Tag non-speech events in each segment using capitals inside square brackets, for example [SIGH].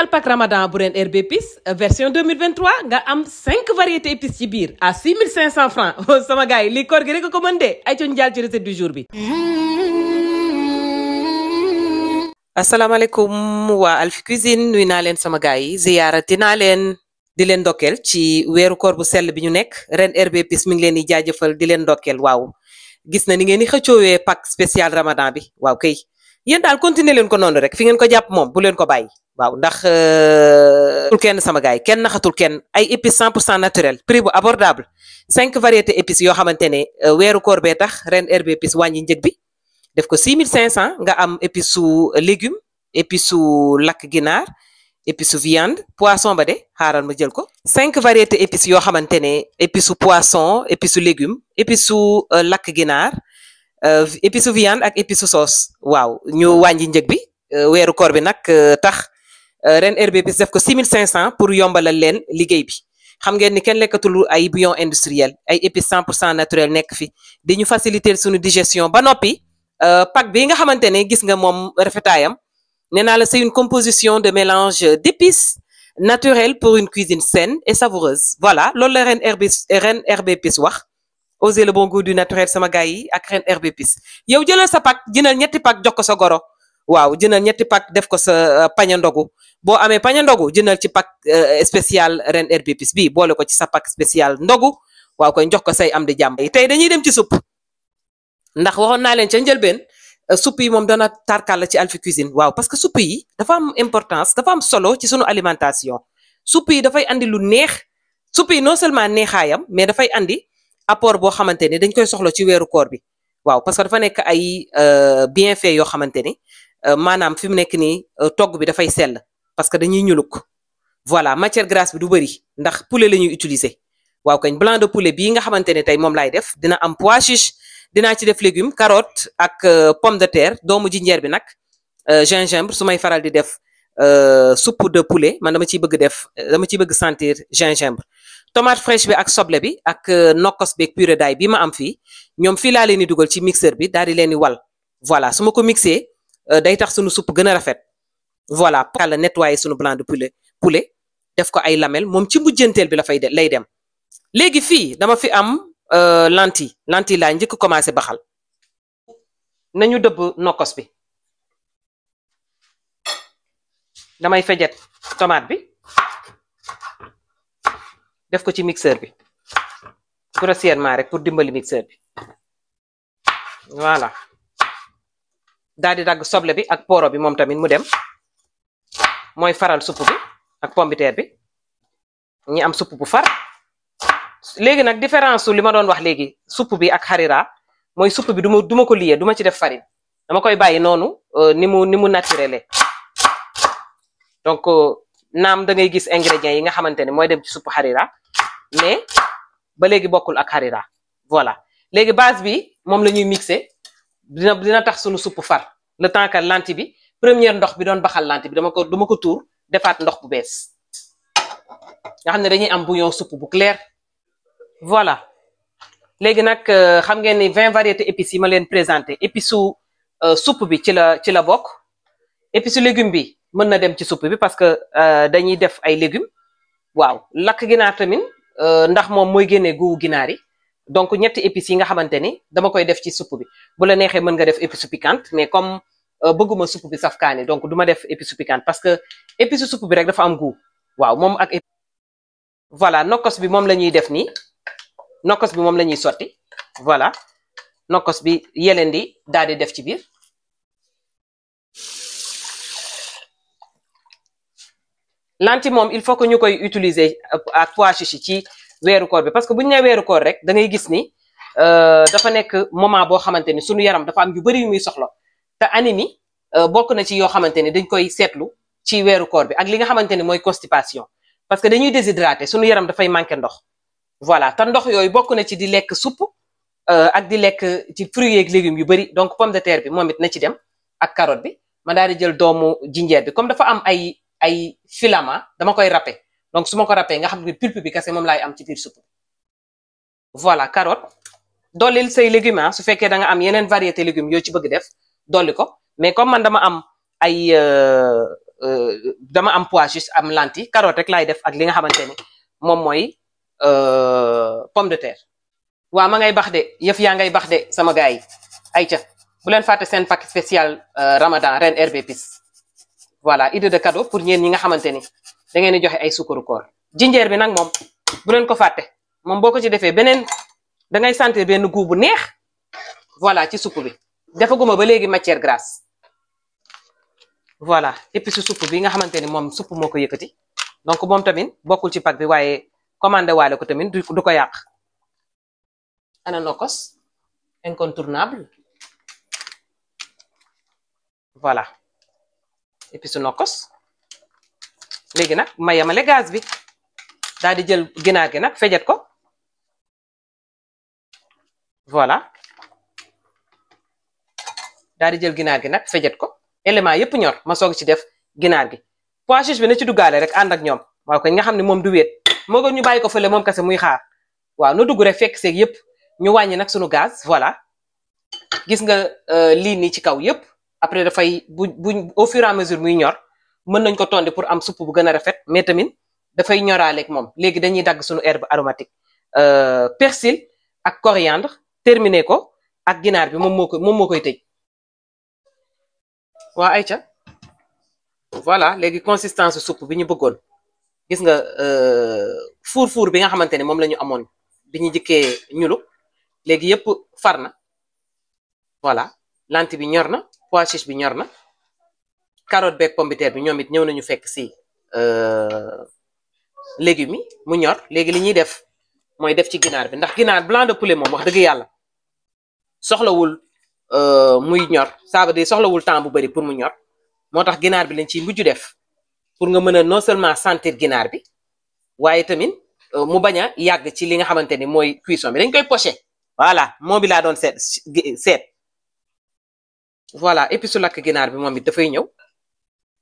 spécial pack ramadan bu ren herbe épice version 2023 nga am 5 variétés épices ci biir à 6500 francs [LAUGHS] oh, sama gars yi lii koor gi rek a ko mën dee ay coñ jaal ci recette du jour bi asalaamaaleykum waa Alphie Cuisine nuy naa leen sama gars yi ziyaarati naa leen di leen ndokkeel ci weeru koor bu sell bi ñu nekk ren herbe épice mi ngi leen di jaajëfal di leen ndokkeel waaw gis na ni ngeen di xëccoowee pack spécial ramadan bi waaw kay yéen daal continuer leen ko noonu rek fi ngeen ko jàpp moom bu leen ko bàyyi waaw ndax euh, tul kenn sama gaay yi kenn naxatul kenn ay épices cent pour cent naturel prix bu abordable cinq variété épices yoo xamante ne euh, weeru koor bee tax ren herbe épice wàññi njëg bi def ko six mille cinq cent nga am épice su euh, légume épice su lakk ginaar épice su viande poisson ba de xaaral ma jël ko cinq variétés épices yoo xamante ne épice su poisson épice su légume épice su lakk ginaar épice su ak épice su sauce waaw ñu wàññi njëg bi weeru koor bi nag tax Euh, ren RBPC def ko cinq 6500 pour yombalal leen liggéey bi xam nge ni kenn lekkatul ay bouillon industriel ay épices 100% naturel nekk fi di ñu faciliter suñu digestion ba noppi euh, pack bi nga xamante ne gis nga moom rafetaayam nee naa la c'est une composition de mélange d'épices naturel pour une cuisine saine et savoureuse voilà loolu la ren RB ren RBPC wax osez le bon goût du naturel sama gars yi ak ren RBPC yow jëlal sa pack jënal ñetti pack jox ko sa goro waaw jëndal ñetti pack def ko sa euh, pañe ndogu boo amee pañe ndogu jëndal ci pack euh, spécial ren herbipis bi boole ko ci sa pack spécial ndogu waaw koy jox ko say am di jàmm tey dañuy dem ci supp ndax waxoon naa leen ca njëlbeen euh, supp yi moom dana tarkal ci Alphie waaw parce que supp yi dafa am importance dafa am solo ci sunu alimentation supp yi dafay andi lu neex supp non seulement neexaayam mais dafay andi apport boo xamante ni dañ koy soxla ci weeru koor bi waaw parce que dafa nekk ay bienfait yoo xamante ni Euh, maanaam fi mu nekk nii euh, togg bi dafay sell parce que dañuy ñuluk voilà matière grasse bi du bëri ndax poulet la ñuy utiliser waaw kañ blanc de poulet bii nga xamante ne tey moom laay def dina am pois chiche dinaa ci def légume carotte ak euh, pomme de terre doomu jinjeer bi nag gingembre su may faral di def soupe de poulet man dama ciy bëgg def dama ciy bëgg sentir gingembre tomate fraîche bi ak soble bi ak nokkos beeg purée d'ail bi ma am fii ñoom fii laa leen di dugal ci mixeur bi daal di leen di wal voilà su ma ko Euh, day tax sunu supp gën a rafet voilà pour la nettoyer suñu blanc de poulet def ko ay lamel moom ci mujjanteel bi la fay de lay dem léegi fii dama fi am lentille euh, lentille laa njëkk commencé baxal na ñu dëbb nokkos bi damay fejet tomate bi def ko ci mixeur bi grossièrement rek pour dimbali mixeur bi voilà daal di dagg soble bi ak pooro bi moom tamit mu dem mooy faral supp bi ak pombiteer bi ñi am supp bu far léegi nag différence su li ma doon wax léegi supp bi ak xarira mooy supp bi du ma ko liyee du ma ci def farine dama koy bàyyi noonu euh, ni mu ni mu naturel donc euh, naam da ngay gis ingrédients yi nga xamante ne mooy dem ci supp xarira mais ba léegi bokkul ak xarira voilà léegi base bi moom la ñuy mixé dina dina tax suñu supp far le temps que lanti bi première ndox bi doon baxal lanti bi dama ko dama ko tuur defaat ndox bu bees nga xam ne dañuy am bouillon supp bu clair voilà léegi nag euh, xam ngeen ni vingt variété épices yi ma leen présenté épice su euh, supp bi ci la ci la bokk épice su légume bi mën na dem ci supp bi parce que euh, dañuy def ay légumes waaw lakk ginaar tamit ndax moom mooy génnee guwu ginaar yi donc ñetti épices yi nga xamante ni dama koy def ci supp bi bu la neexee mën nga def épice piquante mais comme euh, bëgguma supp bi saf kaani donc du def épice piquante parce que épice supp bi rek dafa am goût waaw moom ak voilà nokos bi moom la ñuy def nii nokkos bi moom la ñuy sotti voilà nokkos bi yeleen di daal di def ci biir lanti moom il faut que ñu koy utiliser ak euh, pois chichi ci weeru koor bi parce que bu ñu nee weeru koor rek dangay gis ni euh, dafa nekk moment boo xamante ni suñu yaram dafa am yu bëri yu muy soxla te anémie euh, bokk na ci yoo xamante ni dañ koy seetlu ci weeru koor bi ak li nga xamante ni mooy constipation parce que dañuy déshydraté suñu yaram dafay manqué ndox voilà ta ndox yooyu bokk na ci di lekk supp euh, ak di lekk ci fruits yeeg légumes yu bëri donc pomme de terre bi moom it na ci dem ak carotte bi ma daal di jël doomu jinjeer bi comme dafa am ay ay filament dama koy râper donc su ma nga xam ne pulpe bi kese moom laay am ci biir voilà carotte dollil sey légumes ah, su fekkee da nga am yeneen variété légumes yoo ci bëgg def dolli ko mais comme man dama am ay euh, euh, dama am pois juste am lentille carotte rek laay def ak li nga xamante ni moom mooy euh, pomme de terre waa ma ngay bax de yëf yaa ngay bax de sama gars yi ayca bu leen fàtte seen pack spécial Ramadan Reen Herbes Épices voilà idée de cadeau pour ñeen ñi nga xamante ni da ngeen di joxe ay sukkaru koor jinjeer bi nag moom bu leen ko fàtte moom boo ko ci defee beneen da ngay sentir benn goût bu neex voilà ci supp bi defaguma ba léegi matière grasse voilà épice supp bi nga xamante ni moom supp moo ko yëkkati donc moom tamit bokkul ci pack bi waaye commandé waale ko tamit du ko yàq ana nokos incontournable voilà épice nokkos léegi nag ma yemale gaz bi daal di jël ginaar gi nag fejet ko voilà daal di jël ginaar gi nag ko élément yëpp ñor ma soog ci def ginaar gi pois chiche bi na ci duggaale rek ànd ak ñoom waaw koy nga xam ne moom du wéet moo gën ñu bàyyi ko fële moom kese muy xaar waaw na dugg rek fekk seeg yëpp ñu wàññi nag sunu gaz voilà gis nga euh, lii nii ci kaw yëpp après dafay bu bu au fur à mesure muy ñor mën nañ ko tondi pour am supp bu gën a rafet mais tamit dafay ñoraaleeg moom léegi dañuy dagg suñu herbe aromatique euh, persil ak coriandre terminé ko ak ginaar bi moom moo koy moom moo koy tëj waa Aïcha voilà léegi consistance su supp bi ñu bëggoon gis nga euh, fuur fuur bi nga xamante ne moom la ñu amoon bi ñu jëkkee ñulu léegi yëpp far na voilà lanti bi ñor na pois chiche bi ñor na carotte beeg pombiteer bi ñoom it ñëw nañu fekk si euh, légumes yi mu ñor léegi li ñuy def mooy def ci ginaar bi ndax ginaar blanc de poulet moom wax dëgg yàlla soxlawul euh, muy ñor ça veut dire soxlawul temps bu bari pour mu ñor moo tax ginaar bi lañ ciy mujj def pour nga mën a non seulement sentir ginaar bi waaye tamit euh, mu bañ a yàgg ci li nga xamante ni mooy cuisson bi dañ koy poché voilà moom bi laa doon seet seet voilà et puis su lakk ginaar bi moom it dafay ñëw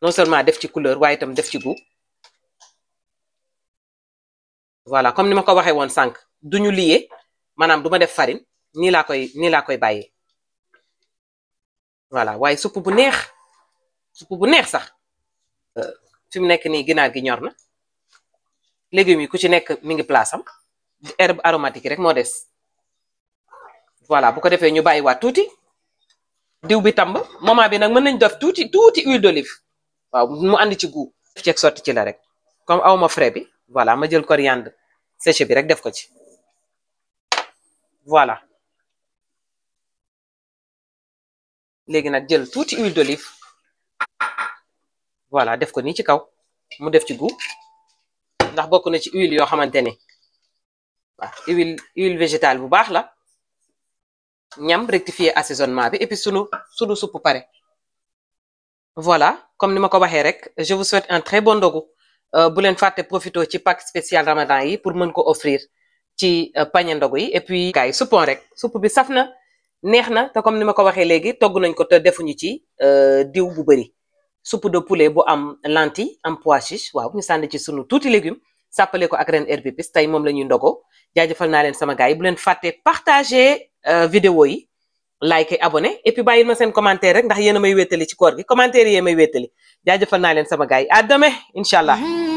non seulement def ci couleur waaye tam def ci goût voilà comme ni ma ko waxee woon sànq du ñu lié maanaam du ma def farine nii laa koy nii laa koy bàyyee voilà waaye supp bu neex supp bu neex sax euh, fi mu nekk nii ginaar gi ñor na légumes yi ku ci nekk mi ngi place am herbe aromatique rek moo des voilà bu ko defee ñu bàyyi waat tuuti diw bi tàmb moment bi nag mën nañ def tuuti tuuti huile d'olive waaw mu ànd ci gu def ceeg ci la rek comme aw ma frais bi voilà ma jël coriandre séché bi rek def ko ci voilà léegi nag jël tuuti huile d'olive voilà def ko nii ci kaw mu def ci gu ndax bokk na ci huile yoo xamante ne waaw huile huile bu baax la ñam rectifier assaisonnement bi et puis sunu sunu supp pare voilà comme ni ma ko waxee rek je vous souhaite un très bon ndogu euh, bu leen fàtte profito ci pack spécial ramadan yi pour mën ko offrir ci euh, panier ndogu yi et puis gars yi rek supp bi saf na neex na te comme ni ma ko waxee léegi togg nañ ko te defuñu ci euh, diw bu bëri soupe de poulet bu am lanti am pois chiche waaw ñu sànni ci sunu tuuti légumes sàppale ko ak Reen Herbes Épices tey moom la ñuy ndogo jaajëfal naa leen sama gars yi bu leen fàtte partager vidéo yi like abonné et puis bàyyil ma seen commentaire rek ndax yéen may wéttali ci koor gi commentaire yi yéen may wéttali jaajëfal naa leen sama gaay a dame demain allah mm-hmm.